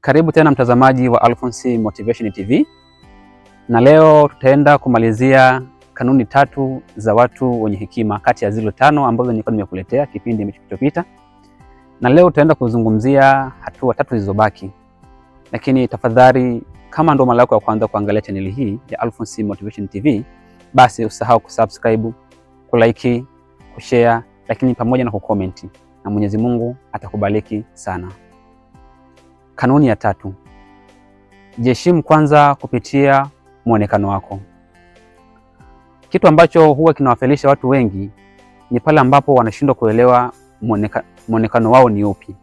Karibu tena mtazamaji wa Alphonsi Motivation TV, na leo tutaenda kumalizia kanuni tatu za watu wenye hekima kati ya zile tano ambazo nilikuwa nimekuletea kipindi kilichopita, na leo tutaenda kuzungumzia hatua tatu zilizobaki. Lakini tafadhali, kama ndo mara yako ya kwanza kuangalia chaneli hii ya Alphonsi Motivation TV, basi usahau kusubscribe, kulike, kushare, lakini pamoja na kukomenti, na Mwenyezi Mungu atakubariki sana. Kanuni ya tatu: jiheshimu kwanza kupitia mwonekano wako. Kitu ambacho huwa kinawafelisha watu wengi ni pale ambapo wanashindwa kuelewa mwonekano wao ni upi.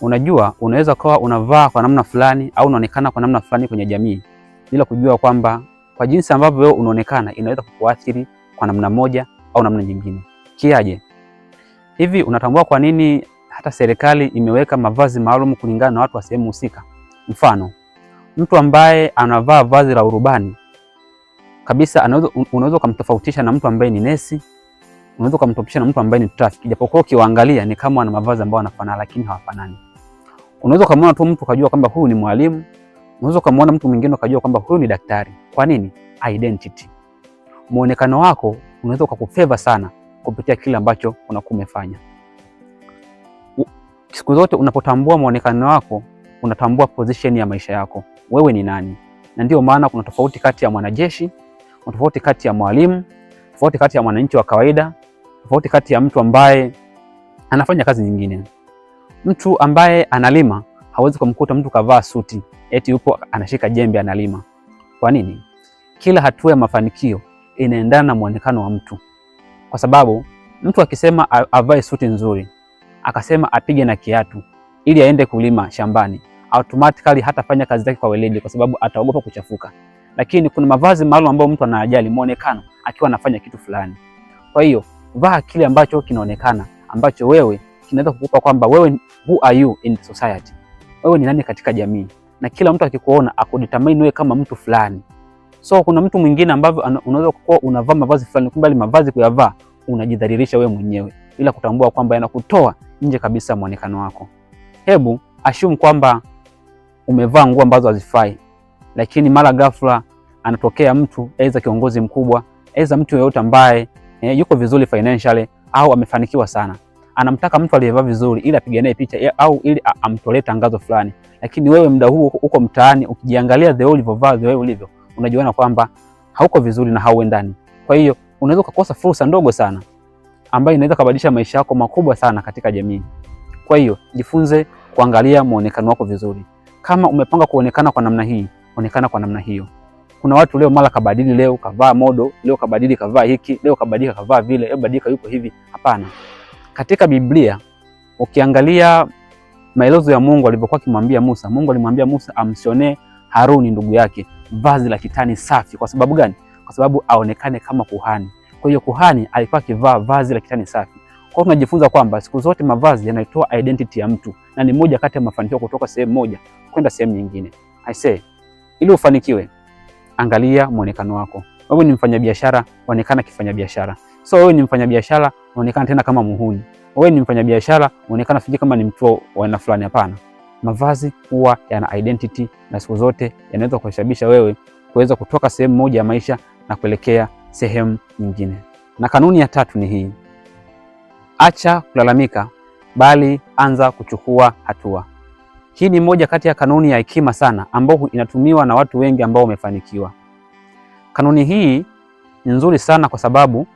Unajua, unaweza kuwa unavaa kwa namna fulani au unaonekana kwa namna fulani kwenye jamii bila kujua kwamba kwa jinsi ambavyo wewe unaonekana inaweza kukuathiri kwa namna moja au namna nyingine. Kiaje? Hivi unatambua kwa nini hata serikali imeweka mavazi maalum kulingana na watu wa sehemu husika. Mfano, mtu ambaye anavaa vazi la urubani kabisa unaweza ukamtofautisha na mtu ambaye ni nesi, unaweza ukamtofautisha na mtu ambaye ni trafiki, japokuwa ukiwaangalia ni kama wana mavazi ambayo wanafanana, lakini hawafanani. Unaweza ukamwona tu mtu ukajua kwamba huyu ni mwalimu, unaweza ukamwona mtu mwingine ukajua kwamba huyu ni daktari. Kwa nini? Identity, muonekano wako unaweza ukakufeva sana kupitia kile ambacho unakuwa umefanya. Siku zote unapotambua muonekano wako, unatambua position ya maisha yako, wewe ni nani. Na ndio maana kuna tofauti kati ya mwanajeshi, kuna tofauti kati ya mwalimu, tofauti kati ya mwananchi wa kawaida, tofauti kati ya mtu ambaye anafanya kazi nyingine. Mtu ambaye analima hawezi kumkuta mtu kavaa suti eti yupo anashika jembe analima. Kwa nini? Kila hatua ya mafanikio inaendana na muonekano wa mtu, kwa sababu mtu akisema avae suti nzuri akasema apige na kiatu ili aende kulima shambani, automatically hatafanya kazi zake kwa weledi, kwa sababu ataogopa kuchafuka. Lakini kuna mavazi maalum ambayo mtu anajali muonekano akiwa anafanya kitu fulani. Kwa hiyo vaa kile ambacho kinaonekana, ambacho wewe kinaweza kukupa kwamba wewe who are you in society, wewe ni nani katika jamii, na kila mtu akikuona akudetermine wewe kama mtu fulani. So kuna mtu mwingine ambavyo unaweza kuwa unavaa mavazi fulani, kumbe mavazi kuyavaa unajidhalilisha wewe mwenyewe ila kutambua kwamba yanakutoa nje kabisa muonekano wako. Hebu assume kwamba umevaa nguo ambazo hazifai, lakini mara ghafla anatokea mtu aidha kiongozi mkubwa, aidha mtu yeyote ambaye eh, yuko vizuri financially au amefanikiwa sana, anamtaka mtu aliyevaa vizuri ili apige naye picha eh, au ili amtolee tangazo fulani, lakini wewe muda huo uko mtaani ukijiangalia the ulivyovaa, the ulivyo, unajiona kwamba hauko vizuri na hauendani. Kwa hiyo unaweza ukakosa fursa ndogo sana ambayo inaweza kubadilisha maisha yako makubwa sana katika jamii. Kwa hiyo jifunze kuangalia muonekano wako vizuri. Kama umepanga kuonekana kwa namna hii, onekana kwa namna hiyo. Kuna watu leo mara kabadili, leo kavaa modo, leo kabadili kavaa hiki, leo kabadilika kavaa vile, leo badilika yuko hivi. Hapana. Katika Biblia ukiangalia maelezo ya Mungu alivyokuwa akimwambia Musa, Mungu alimwambia Musa amshonee Haruni ndugu yake vazi la kitani safi. Kwa sababu gani? Kwa sababu aonekane kama kuhani. Kwa hiyo kuhani alikuwa akivaa vazi la kitani safi. Kwa hiyo tunajifunza kwamba siku zote mavazi yanatoa identity ya mtu na ni moja kati ya mafanikio kutoka sehemu moja kwenda sehemu nyingine. I say, ili ufanikiwe, angalia muonekano wako. Wewe ni mfanyabiashara, onekana kifanyabiashara. So wewe ni mfanyabiashara, onekana tena kama muhuni. Wewe ni mfanyabiashara, onekana sije kama ni mtu wa aina fulani. Hapana, mavazi huwa yana identity na siku zote yanaweza kuhesabisha wewe kuweza kutoka sehemu moja ya maisha na kuelekea sehemu nyingine. Na kanuni ya tatu ni hii: acha kulalamika, bali anza kuchukua hatua. Hii ni moja kati ya kanuni ya hekima sana ambayo inatumiwa na watu wengi ambao wamefanikiwa. Kanuni hii ni nzuri sana kwa sababu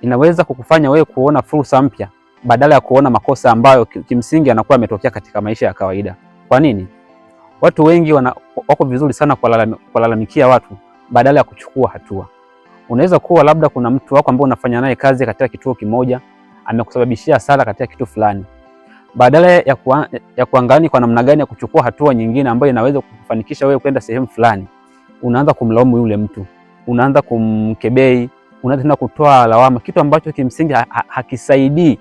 inaweza kukufanya wewe kuona fursa mpya badala ya kuona makosa ambayo kimsingi yanakuwa yametokea katika maisha ya kawaida. Kwa nini? Watu wengi wana, wako vizuri sana kuwalalamikia watu badala ya kuchukua hatua. Unaweza kuwa labda kuna mtu wako ambaye unafanya naye kazi katika kituo kimoja amekusababishia hasara katika kitu fulani, badala ya, kuwa, ya kuangalia kwa namna gani ya kuchukua hatua nyingine ambayo inaweza kukufanikisha wewe kwenda sehemu fulani, unaanza kumlaumu yule mtu, unaanza kumkebei, unaanza tena kutoa lawama, kitu ambacho kimsingi ha ha hakisaidii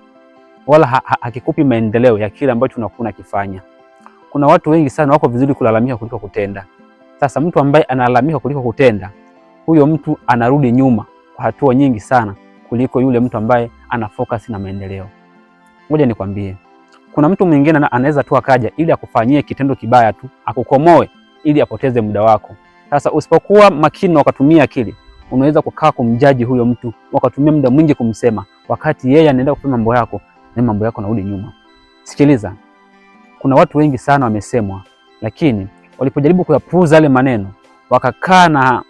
wala ha ha hakikupi maendeleo ya kile ambacho unakuwa unakifanya. Kuna watu wengi sana wako vizuri kulalamika kuliko kutenda. Sasa mtu ambaye analalamika kuliko kutenda huyo mtu anarudi nyuma kwa hatua nyingi sana kuliko yule mtu ambaye ana focus na maendeleo. Ngoja nikwambie, kuna mtu mwingine anaweza tu akaja ili akufanyie kitendo kibaya tu akukomoe ili apoteze muda wako. Sasa usipokuwa makini na ukatumia akili, unaweza kukaa kumjaji huyo mtu, ukatumia muda mwingi kumsema, wakati yeye anaenda kufanya mambo yako na mambo yako narudi nyuma. Sikiliza, kuna watu wengi sana wamesemwa, lakini walipojaribu kuyapuuza yale maneno wakakaa na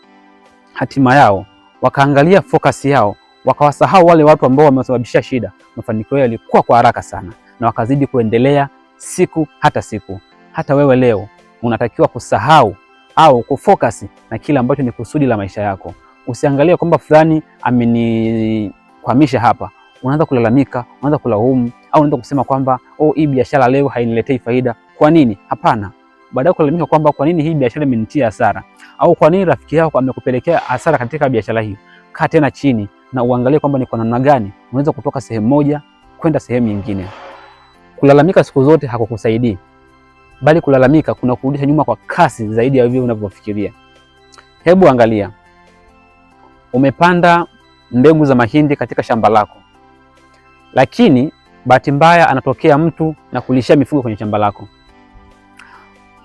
hatima yao, wakaangalia focus yao, wakawasahau wale watu ambao wamesababisha shida, mafanikio yalikuwa kwa haraka sana na wakazidi kuendelea siku hata siku. Hata wewe leo unatakiwa kusahau au kufokasi na kile ambacho ni kusudi la maisha yako. Usiangalie kwamba fulani amenikwamisha hapa, unaanza kulalamika, unaanza kulaumu au unaanza kusema kwamba oh, hii biashara leo hainiletei faida. Kwa nini? Hapana baadaye kulalamika kwamba kwa nini hii biashara imenitia hasara au kwa nini rafiki yako amekupelekea hasara katika biashara hiyo. Kaa tena chini na uangalie kwamba ni kwa namna gani unaweza kutoka sehemu moja kwenda sehemu nyingine. Kulalamika siku zote hakukusaidii, bali kulalamika kuna kurudisha nyuma kwa kasi zaidi ya vile unavyofikiria. Hebu angalia, umepanda mbegu za mahindi katika shamba lako, lakini bahati mbaya anatokea mtu na kulishia mifugo kwenye shamba lako.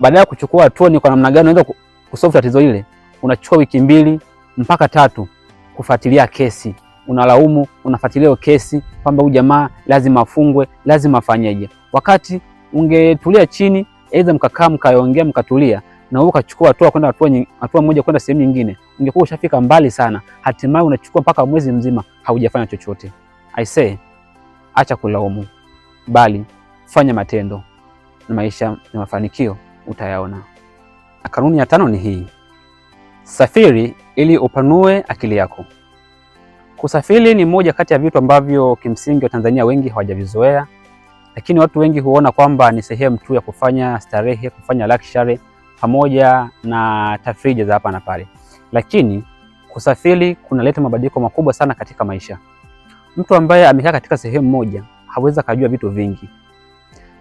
Baada ya kuchukua hatua ni kwa namna gani unaweza kusolve tatizo ile, unachukua wiki mbili mpaka tatu kufuatilia kesi, unalaumu, unafuatilia kesi kwamba huyu jamaa lazima afungwe, lazima afanyeje, wakati ungetulia chini, aidha mkakaa mkaongea, mkatulia na wewe ukachukua hatua kwenda hatua hatua moja kwenda sehemu nyingine, ungekuwa ushafika mbali sana. Hatimaye unachukua mpaka mwezi mzima haujafanya chochote. I say, acha kulaumu, bali fanya matendo na maisha na mafanikio utayaona. Na kanuni ya tano ni hii: safiri ili upanue akili yako. Kusafiri ni moja kati ya vitu ambavyo kimsingi Watanzania wengi hawajavizoea, lakini watu wengi huona kwamba ni sehemu tu ya kufanya starehe, kufanya luxury pamoja na tafrija za hapa na pale, lakini kusafiri kunaleta mabadiliko makubwa sana katika maisha. Mtu ambaye amekaa katika sehemu moja hawezi akajua vitu vingi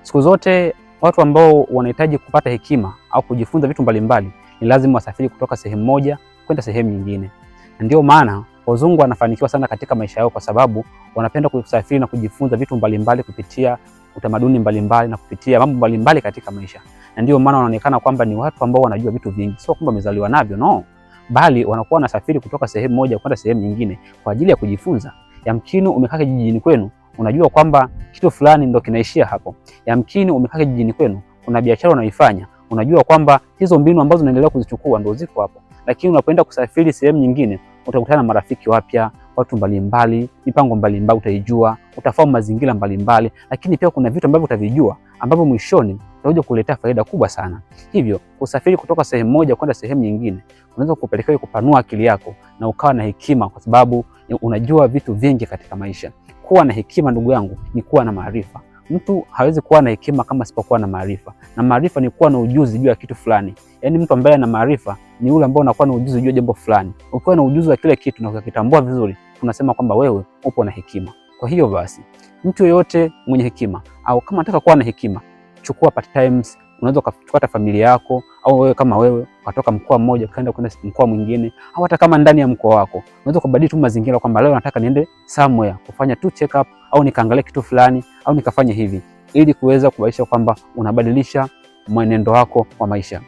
siku zote. Watu ambao wanahitaji kupata hekima au kujifunza vitu mbalimbali ni lazima wasafiri kutoka sehemu moja kwenda sehemu nyingine. Ndio maana wazungu wanafanikiwa sana katika maisha yao, kwa sababu wanapenda kusafiri na kujifunza vitu mbalimbali kupitia utamaduni mbalimbali na kupitia mambo mbalimbali katika maisha, na ndio maana wanaonekana kwamba ni watu ambao wanajua vitu vingi, sio kwamba wamezaliwa navyo, no, bali wanakuwa wanasafiri kutoka sehemu moja kwenda sehemu nyingine kwa ajili ya kujifunza. Yamkini umekaa kijijini kwenu, unajua kwamba kitu fulani ndo kinaishia hapo. Yamkini umekaa kijijini kwenu, kuna biashara unaifanya, unajua kwamba hizo mbinu ambazo unaendelea kuzichukua ndo ziko hapo, lakini unapoenda kusafiri sehemu nyingine, utakutana na marafiki wapya, watu mbalimbali, mipango mbalimbali utaijua, utafahamu mazingira mbalimbali, lakini pia kuna vitu ambavyo utavijua ambavyo mwishoni utakuja kuletea faida kubwa sana. Hivyo kusafiri kutoka sehemu moja kwenda sehemu nyingine unaweza kukupelekea kupanua akili yako na ukawa na hekima, kwa sababu unajua vitu vingi katika maisha kuwa na hekima, ndugu yangu, ni kuwa na maarifa. Mtu hawezi kuwa na hekima kama asipokuwa na maarifa, na maarifa ni kuwa na ujuzi juu ya kitu fulani. Yaani mtu ambaye ana maarifa ni yule ambao anakuwa na ujuzi juu ya jambo fulani. Ukiwa na ujuzi wa kile kitu na ukakitambua vizuri, tunasema kwamba wewe upo na hekima. Kwa hiyo basi, mtu yeyote mwenye hekima au kama anataka kuwa na hekima, chukua part times unaweza ukachukua hata familia yako, au wewe kama wewe ukatoka mkoa mmoja ukaenda kwenda mkoa mwingine, au hata kama ndani ya mkoa wako unaweza kubadili tu mazingira, kwamba leo nataka niende somewhere kufanya tu check up, au nikaangalia kitu fulani, au nikafanya hivi, ili kuweza kubadilisha kwamba unabadilisha mwenendo wako wa maisha.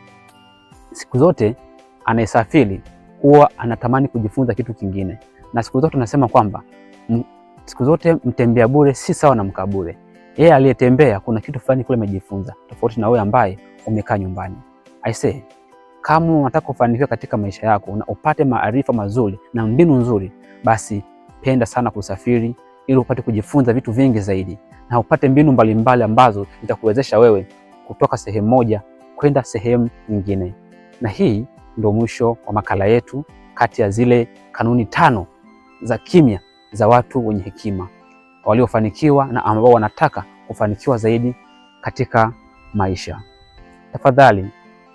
Siku zote anayesafiri huwa anatamani kujifunza kitu kingine, na siku zote tunasema kwamba siku zote mtembea bure si sawa na mkaa bure. Yeye aliyetembea kuna kitu fulani kule amejifunza, tofauti na wewe ambaye umekaa nyumbani. I say, kama unataka kufanikiwa katika maisha yako na upate maarifa mazuri na mbinu nzuri, basi penda sana kusafiri ili upate kujifunza vitu vingi zaidi na upate mbinu mbalimbali mbali ambazo zitakuwezesha wewe kutoka sehemu moja kwenda sehemu nyingine. Na hii ndio mwisho wa makala yetu kati ya zile kanuni tano za kimya za watu wenye hekima waliofanikiwa na ambao wanataka kufanikiwa zaidi katika maisha. Tafadhali,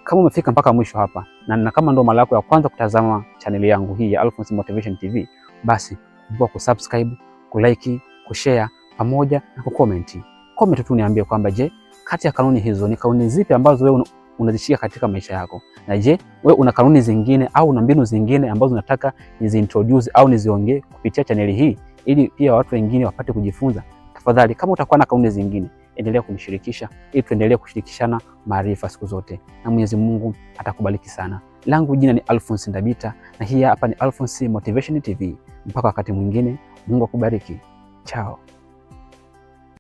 kama umefika mpaka mwisho hapa na, na kama ndo mara yako ya kwanza kutazama chaneli yangu hii ya Alphonce Motivation TV, basi kumbuka kusubscribe, kulike, kushare pamoja na kucomment. Comment tu niambie kwamba je, kati ya kanuni hizo ni kanuni zipi ambazo wewe unazishika katika maisha yako, na je wewe una kanuni zingine au una mbinu zingine ambazo unataka niziintroduce au niziongee kupitia chaneli hii ili pia watu wengine wapate kujifunza. Tafadhali, kama utakuwa na kaunti zingine, endelea kumshirikisha ili tuendelee kushirikishana maarifa siku zote, na Mwenyezi Mungu atakubariki sana. Langu jina ni Alphonce Ndabita, na hii hapa ni Alphonce Motivation TV. Mpaka wakati mwingine, Mungu akubariki. Chao.